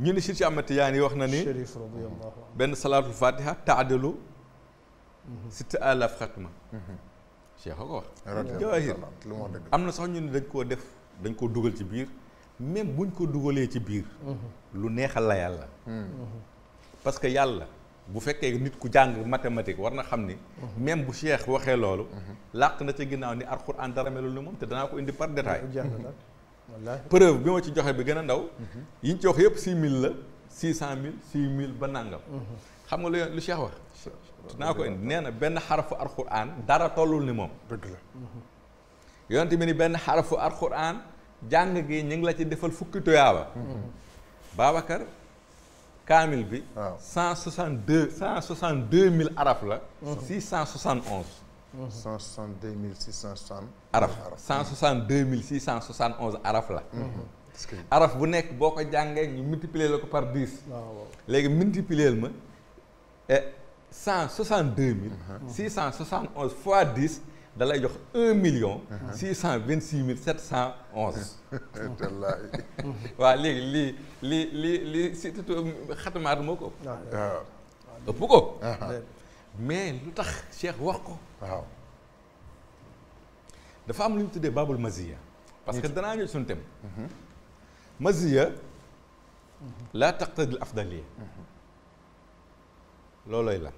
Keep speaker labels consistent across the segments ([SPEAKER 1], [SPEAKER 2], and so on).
[SPEAKER 1] ñu ni Cheikh Ahmed Tidiane wax na ni benn salaatul fatiha taadalu sitta alaf xatma cheikh a ko wax am na sax ñu ne dañ koo def dañ koo dugal ci biir même buñ ko dugalee ci biir mhm. lu neexal la yàlla mhm. parce que yàlla bu fekkee nit ku jàng mathématique war na xam ni mhm. même bu cheikh waxee loolu làq na ci ginnaaw ni alxuraan dara melul ni moom te danaa ko indi par détail preuve bi ma ci joxe bi gën a ndaw mhm. yi ñu ci wax yëpp six mille la six cent mille six mille ba nangam mhm. xam nga lu lu Cheikh wax ko indi nee na benn xarafu alxuraan dara tollul ni moom dëgg la mhm. bi ni benn xarafu alxuraan jàng gi ñu ngi la ci defal fukki tuyaaba Babacar kaamil bi cent soixante deux cent soixante deux mille arab la cent soixante 162 671 araf 162 671 araf araf vous de mhm. par 10. Ah, Les multiplier ma 162 eh, 671 mhm. mhm. fois da un million 626 mais lu tax Cheikh wax ko. waaw dafa am lu ñu tuddee babul maziya. parce que danaa ñëw suñu thème. Mhm. maziya mhm. laa taqtadi al afdaliya. loolooy la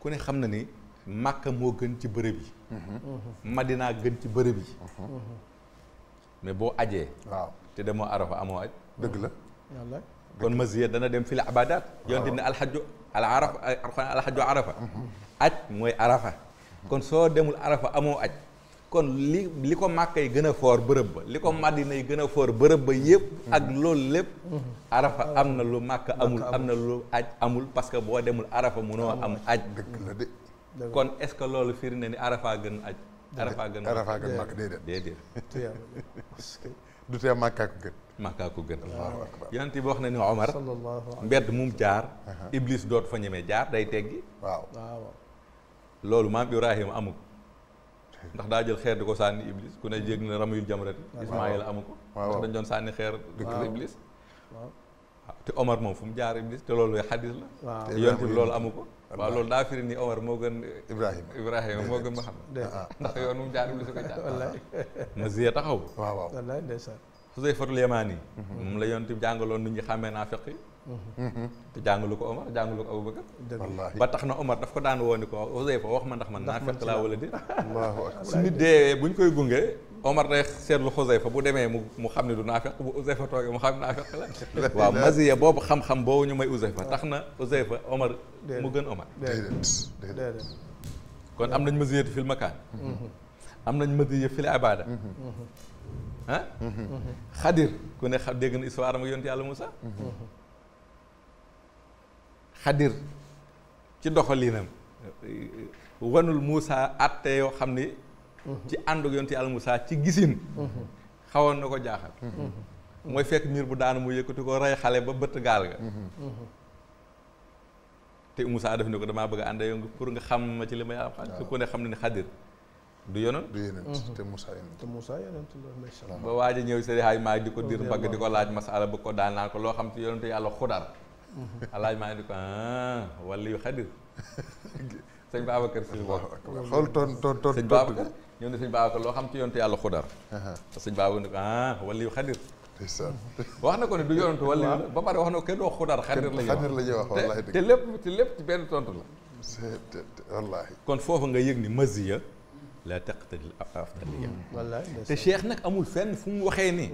[SPEAKER 1] ku xam na ni Màkka moo gën ci bërëb mhm. ci bërëb yi. boo ajee. waaw te demoo Arafa amoo aj. dëgg la. kon maziya dana dem fil abadaat. waaw yonte ne alxajju al arafa alxuraan alxaju arafa aj mooy arafa kon soo demul arafa amoo aj kon li li ko màkk yi gën a foor bërëb ba li ko madina yi gën a foor bërëb ba yépp ak loolu lépp arafa am na lu màkk amul am na lu aj amul parce que boo demul arafa munoo am aj kon est-ce que loolu firi na ni arafa gën aj arafa gën arafa gën màkk déedéet déedéet du tee màkk ak gën makkaa ko gën yonent bi wax na ni Omar mbedd mum jaar iblis doot fa ñeme jaar day teggi waaw loolu maam Ibrahima amu ndax daa jël xeer di ko sànni iblis ku ne jég na ramuyul jamrati Ismaayil amu ko ndax dañ doon sànni xeer waaw ah, te Omar moom fu mu jaar iblis te loolu xadis la te yonent daa firi ni Omar moo gën Ibrahima Ibrahima moo gën xam ndax yoon mum jaar iblis ko jaar ma taxaw Xuseyfatul Yamaani moom la yonent bi jàngaloon nit ñi xàmmee naa feq yi te jàngalu ko Omar jàngalu ko Abubakar ba tax na Omar daf ko daan woo ni ko Xuseyfa wax ma ndax man naa feq laa wala di su nit deewee bu ñu koy gunge Omar day seetlu Xuseyfa bu demee mu mu xam ne du naa feq bu Xuseyfa toogee la waaw masiya boobu xam-xam boobu ñu may Xuseyfa tax na Xuseyfa Omar mu gën Omar kon am nañ masiyatu fil makaan mm-hmm. am nañ masiyatu fil ibaada mm-hmm. khadir ku ne xam degn iswaram ak yonti allah musa khadir ci doxalinam wanul musa atte yo xamni ci ànd yonti allah musa ci gisin xawon nako jaxal moy fek mir bu daanu mu yekuti ko ray xale ba beut gal ga te musa def ne ko damaa bëgg ànd yow pour nga xam ci limay xam ku ne xam du yonent du yonent mhm. te Moussa yonent te Moussa yonent la ba waaj a ñëw Seydi Hajji Maalik di ko diir mbagg di ko laaj masala bu ko daan naan ko loo xam ci yonent yàlla xudar mhm. alaaj maa ngi di ko ah, wala yu xadir sëñ Babacar si wax xool ton ton ton sëñ Babacar ñëw ne sëñ Babacar loo xam ci yonent yàlla xudar sëñ Babacar ni ko ah, wala yu xadir wax na ko ne du yonent wala yu ba pare wax na ko kenn wax xudar xadir la ñuy wax te lépp te lépp ci benn tontu la wallaahi kon foofu nga yëg ni masiya laa taqtadi afdaliya te cheikh nag amul fenn fu mu waxee ni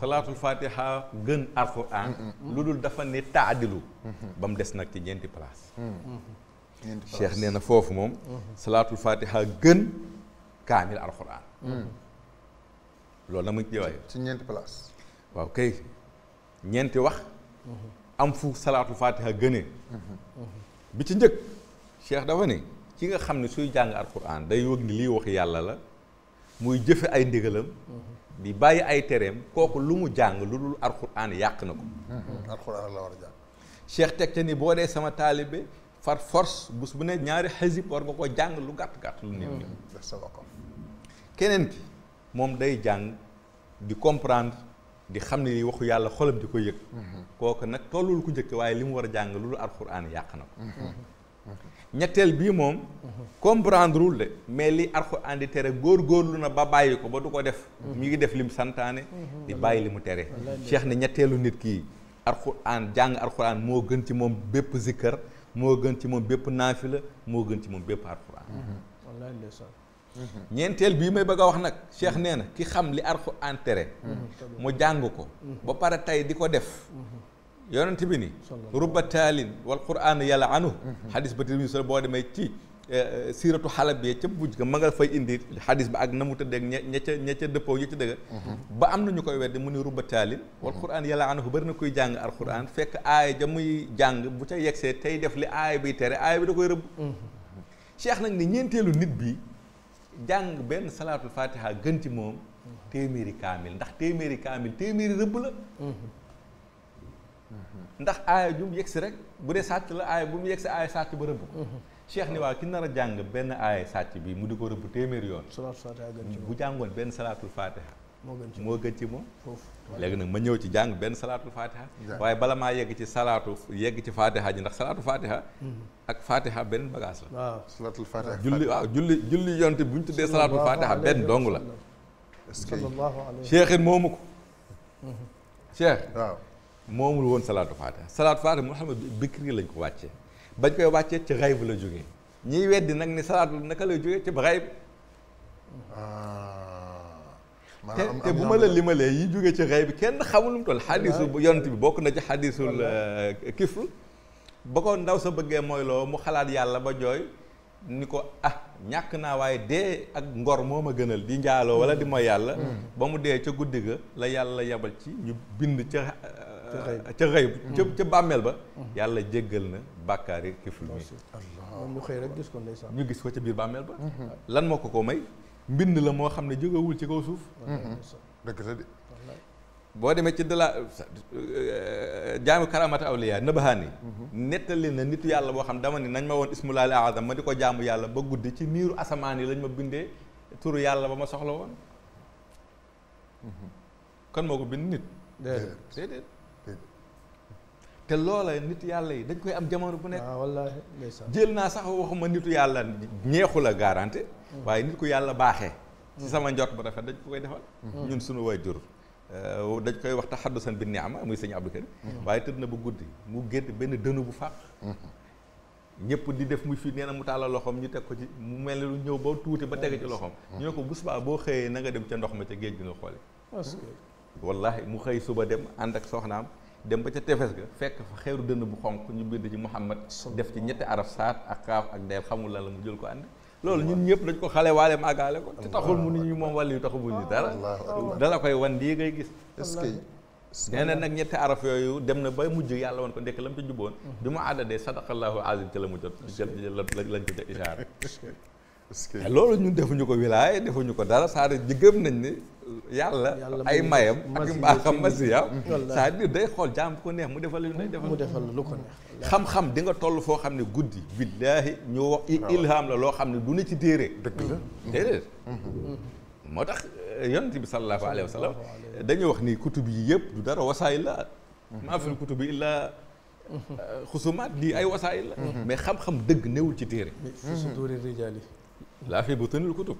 [SPEAKER 1] salaatul fatiha gën alquran lu dul dafa ne taadilu ba mu des nag ci ñeenti place cheikh nee na foofu moom salaatul fatiha gën kaamil alquran loolu na mu jëwaay ci ñeenti place waaw kay ñeenti wax am fu salaatul fatiha gënee bi ci njëkk cheikh dafa ni ki nga xam ne suy jàng alquran day wëg ni lii wax yàlla la muy jëfe ay ndigalam mhm. di bàyyi ay tereem kooku lu mu jàng lu dul alquran yàq na ko mhm. alquran la war a jàng cheikh teg ca ni boo dee sama taalibe far force bés bu ne ñaari xasib war nga ko jàng lu gàtt-gàtt lu néew néew mhm. keneen ki moom day jàng di comprendre di xam ne li waxu yàlla xolam di ko yëg kooku nag tollul ko njëkk waaye li mu war a jàng lu dul alquran yàq na ko ñetteel bii moom comprendre wul de mais li Alxuraan di tere góorgóorlu na ba bàyyi ko ba du ko def mu ngi def lim santaane di bàyyi li mu tere Cheikh ne ñetteelu nit kii Alxuraan jàng Alxuraan moo gën ci moom bépp zikkar moo gën ci moom bépp naafila moo gën ci moom bépp Alxuraan ñeenteel bii may bëgg a wax nag Cheikh nee na ki xam li Alxuraan tere mu jàng ko ba pare tey di ko def yonent bi ni rubba taalin wal quraan yàlla anu mm-hmm. xadis ba tirmisi solo boo demee ci eh, eh, siiratu xalab bi ca buj ga ma nga fay indi xadis ba ak na mu tëddeeg ña ña ca ña ca dëppoo ña ca dëgg mm-hmm. ba am na ñu koy weddi mu ni rubba taalin mm-hmm. wal quraan yàlla anu bari na koy jàng al quraan fekk aaya ja muy jàng bu ca yegsee tey def li aaya biy tere aaya bi da koy rëbb cheikh nag ni ñeenteelu nit bi jàng benn salaatul fatiha gën ci moom téeméeri kaamil ndax téeméeri kaamil téeméeri ndax aaya ju mu yegsi rek bu dee sàcc la aaya bu mu yegsi aaya sàcc ba rëbb ko mhm. cheikh ni waaw ki nar a jàng benn aaya sàcc bi mu di ko rëbb téeméer yoon bu jàngoon benn salaatul fatiha moo gën ci moom léegi nag ma ñëw ci jàng benn salaatul fatiha waaye bala maa yegg ci salaatu yegg ci fatiha ji ndax salaatu fatiha mhm. ak fatiha benn bagage la waaw salaatul fatiha julli waaw julli julli yonte bu ñu tuddee salaatul fatiha benn dong la cheikh it moomu ko mhm. cheikh moomul woon salaatu faatiha salaatu xam Muhammad Bikri lañ ko wàccee bañ koy wàccee ci xayb la jógee ñiy weddi nag ni salaatu naka lay jógee ci xayb ah, te bu ma la jógee ci xayb kenn xamul lu mu toll xadiisu yonent bi bokk na ci xadiisul euh, kifl ba ko ndaw sa bëggee mooy mu xalaat yàlla ba jooy ni ko ah ñàkk naa waaye dee ak ngor moo ma gënal di njaaloo wala di mm. mooy yàlla mm. ba mu dee ca guddi ga la yàlla yabal ci ñu bind ca ca xëy mm. ca ca bàmmeel ba yàlla jéggal na bàkkaar yi kiful mi ñu xëy rek gis ko ndeysaan ñu gis ko ca biir bàmmeel ba mm-hmm. lan moo ko ko may mbind la moo xam ne jógewul ci kaw suuf mm-hmm. dëgg boo demee ci dalaa euh, jaamu karamata awliya yi mm-hmm. nettali na nit yàlla boo xam dama ni nañ ma woon ismulaali azam ma di ko jaamu yàlla ba guddi ci miiru asamaan yi lañ ma bindee turu yàlla ba ma soxla woon kon moo ko bind nit te loola nit yàlla yi dañ koy am jamono bu nekk. waaw ah, wallaahi jël naa sax waxuma nitu yàlla ñeexu gaarante garanti. Mm. waaye nit ko yàlla baaxee. ci mm. sama njort bu rafet dañ ko koy defal. Mm. ñun suñu waajur euh, dañ koy wax taxaddusan bi ni'ma muy sëñ Abdou waaye tëdd na bu guddi mu génn benn dënu bu faax. ñëpp di def mu fii nee na mu tàllal loxoom ñu teg ko ci mu mel ni lu ñëw ba tuuti ba teg ci loxoom. ñu ko bu subaa boo xëyee na dem ca ndox ma ca géej gi nga xoole. wallaahi mu xëy suba dem ànd ak soxnaam dem ba ca tefes ga fekk fa xeeru dënn bu xonk ñu bind ci Muhammad def ci ñetti araf saat ak kaaf ak deel xamul la la mu jël ko ànd loolu ñun ñëpp dañ ko xale waale màggaale ko te taxul mu ni ñu moom wàll yu taxul ñu dara dala koy wan lii ngay gis est na nag ñetti araf yooyu dem na ba mujj yàlla woon ko ndekk la mu ci juboon mm-hmm. bi mu àddadee sadaqallahu azim ci la mu jot lañ ko ca isaar te loolu ñun defuñu ko wilaay defuñu ko dara saa di gëm nañ ni yàlla ay mayam ak mbaaxam masiyam c'est-à-dire day xool jaam ko neex mu defal mu defal lu ko neex xam-xam di nga toll foo xam ne guddi billaahi ñu wax ilham la loo xam ne du ne ci téere dëgg mm-hmm. Mm-hmm. moo tax euh, yonent bi sallallahu alayhi wa sallam dañuy wax ni kutub yi yëpp dara wasaayil la mm-hmm. maa fil kutubi illaa euh, xusumaat lii ay wasaayil la mais xam-xam dëgg newul ci téere surtout rijaal laa fi bu tënul kutub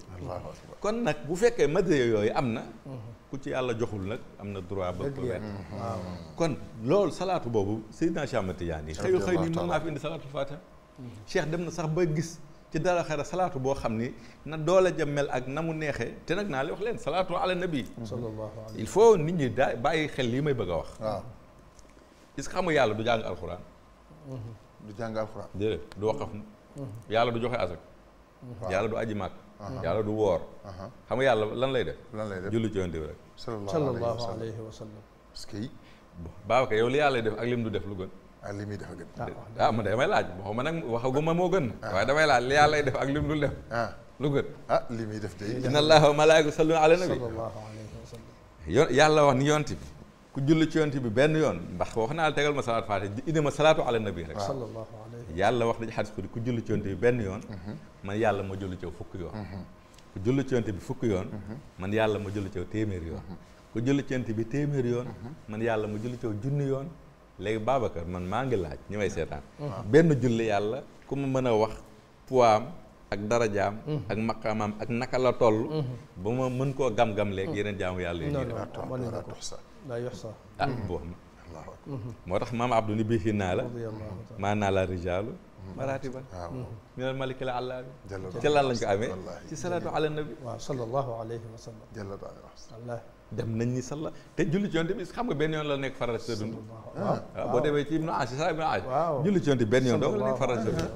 [SPEAKER 1] kon nag bu fekkee matériel yooyu am na ku ci yàlla joxul nag am na droit ba hmm. kon loolu salaatu boobu si Cheikh Ahmad Tidiane yi xëyu xëy ni mën naa fi indi salaatu fatiha hmm. dem na sax ba gis ci dara xara salaatu boo xam ni na doole ja mel ak na mu neexee te nag naa li wax leen salaatu ala nabi hmm. il faut nit ñi daa bàyyi xel lii may bëgg a wax gis xamu yàlla du jàng alxuraan du jàng alxuraan du waqaf yàlla du joxe asak yàlla du aji màkk yàlla du woor xam nga yàlla lan lay def lan lay def julli ci yonent bi rek sallallahu alayhi wa sallam parce que baabaka yow li yàlla def ak lim du def lu gën ak li muy def a gën ah man damay laaj waxu ma moo gën waaye damay laaj li yàlla def ak lim du def lu gën ah, ah, ah, ah. li muy def day inna allaha wa malaayikatahu yusalluna ala nabi yàlla wax ni yonent bi ku julli ci bi benn yoon ndax wax naa la tegal ma salaatu faatiha indi ma salaatu ala nabi rek sallallahu alayhi yàlla wax na ci xadis ko di ku julli ci bi benn yoon man yàlla ma julli ci yow fukk yoon ku julli ci bi fukk yoon man yàlla ma julli ci yow téeméer yoon ku julli ci yonent man yàlla ma julli ci junni yoon léegi Babacar man maa ngi laaj ñi may seetaan benn julli yàlla ku ma mën a wax poids ak darajaam ak maqaamaam ak naka la toll ba ma mën koo gam-gam léegi yeneen jaamu yàlla yi ñuy def laa yox sax ah mm-hmm. boo mm-hmm. moo tax maam Abdou ni biixi naa la maa naa la rijaalu mm-hmm. maratiba ah, minal maliki la àllaa bi ci lan lañ ko amee ci salaatu ala nabi waaw sallallahu alayhi wa sallam jalla dem nañ ni salla te julli ci yonte bi xam nga benn yoon la nekk faral sa dund ah, boo demee ci ibnu aas sa ibnu aas julli ci yonte benn yoon doo la nekk faral sa dund